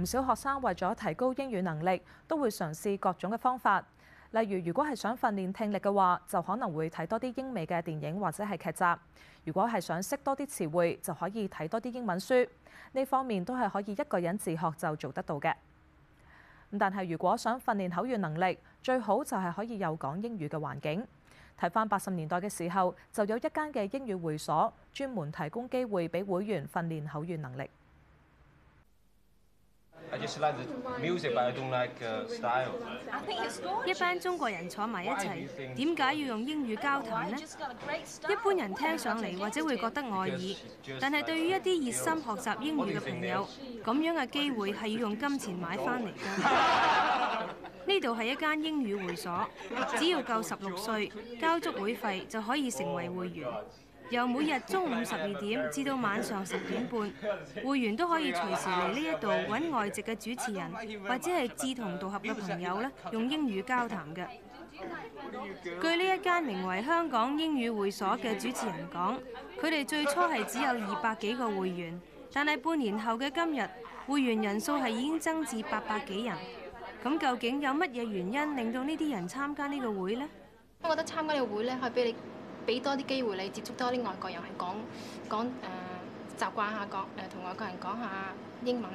唔少學生為咗提高英語能力，都會嘗試各種嘅方法。例如，如果係想訓練聽力嘅話，就可能會睇多啲英美嘅電影或者係劇集；如果係想識多啲詞彙，就可以睇多啲英文書。呢方面都係可以一個人自學就做得到嘅。但係如果想訓練口語能力，最好就係可以有講英語嘅環境。睇返八十年代嘅時候，就有一間嘅英語會所，專門提供機會俾會員訓練口語能力。I just like the music, but I don't like style. 一班中國人坐埋一齊，點解要用英語交談呢？一般人聽上嚟或者會覺得礙耳，但係對於一啲熱心學習英語嘅朋友，咁樣嘅機會係要用金錢買翻嚟㗎。呢度係一間英語會所，只要夠十六歲，交足會費就可以成為會員。由每日中午十二點至到晚上十點半，會員都可以隨時嚟呢一度揾外籍嘅主持人，或者係志同道合嘅朋友咧，用英語交談嘅。據呢一間名為香港英語會所嘅主持人講，佢哋最初係只有二百幾個會員，但係半年後嘅今日，會員人數係已經增至八百幾人。咁究竟有乜嘢原因令到呢啲人參加呢個會呢？我覺得參加呢個會咧，係俾你。俾多啲機會你接觸多啲外國人，係講講誒、呃、習慣下講誒同外國人講下英文。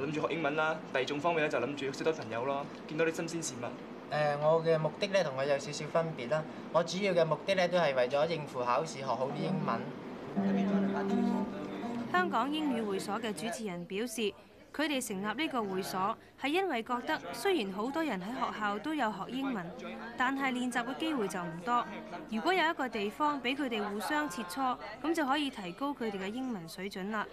諗住學英文啦，第二種方面咧就諗住識多朋友咯，見多啲新鮮事物。誒、呃，我嘅目的咧同佢有少少分別啦，我主要嘅目的咧都係為咗應付考試，學好啲英文。香港英語會所嘅主持人表示。佢哋成立呢個會所係因為覺得雖然好多人喺學校都有學英文，但係練習嘅機會就唔多。如果有一個地方俾佢哋互相切磋，咁就可以提高佢哋嘅英文水準啦。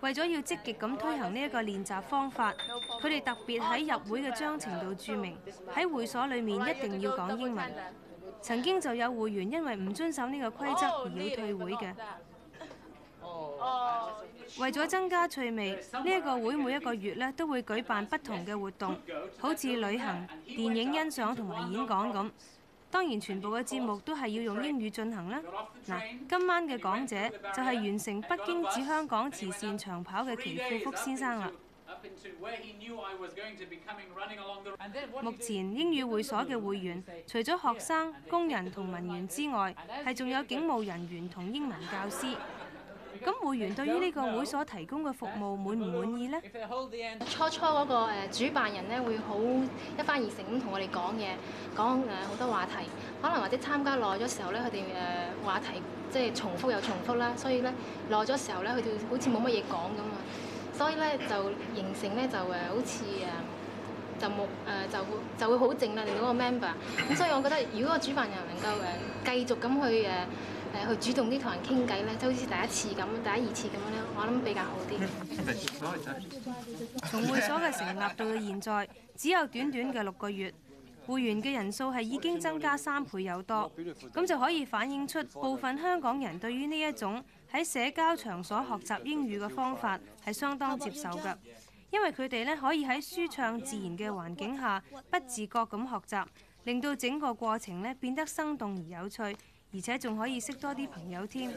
為咗要積極咁推行呢一個練習方法，佢哋特別喺入會嘅章程度註明喺會所裏面一定要講英文。曾經就有會員因為唔遵守呢個規則而要退會嘅。Oh. 為咗增加趣味，呢一個會每一個月呢都會舉辦不同嘅活動，好似旅行、電影欣賞同埋演講咁。當然，全部嘅節目都係要用英語進行啦。嗱，今晚嘅講者就係完成北京至香港慈善長跑嘅祁富福先生啦。目前英語會所嘅會員除咗學生、工人同文員之外，係仲有警務人員同英文教師。咁會員對於呢個會所提供嘅服務滿唔滿意咧？初初嗰個主辦人咧，會好一反而成咁同我哋講嘢，講誒好多話題。可能或者參加耐咗時候咧，佢哋誒話題即係重複又重複啦，所以咧耐咗時候咧，佢哋好似冇乜嘢講咁啊。所以咧就形成咧就誒好似誒就冇誒就就會好靜啦。嗰個 member。咁所以我覺得如果個主辦人能夠誒繼續咁去誒。誒去主動啲同人傾偈咧，即好似第一次咁，第一次咁樣咧，我諗比較好啲。從 會所嘅成立到現在，只有短短嘅六個月，會員嘅人數係已經增加三倍有多，咁就可以反映出部分香港人對於呢一種喺社交場所學習英語嘅方法係相當接受㗎，因為佢哋咧可以喺舒暢自然嘅環境下，不自覺咁學習，令到整個過程咧變得生動而有趣。而且仲可以識多啲朋友添。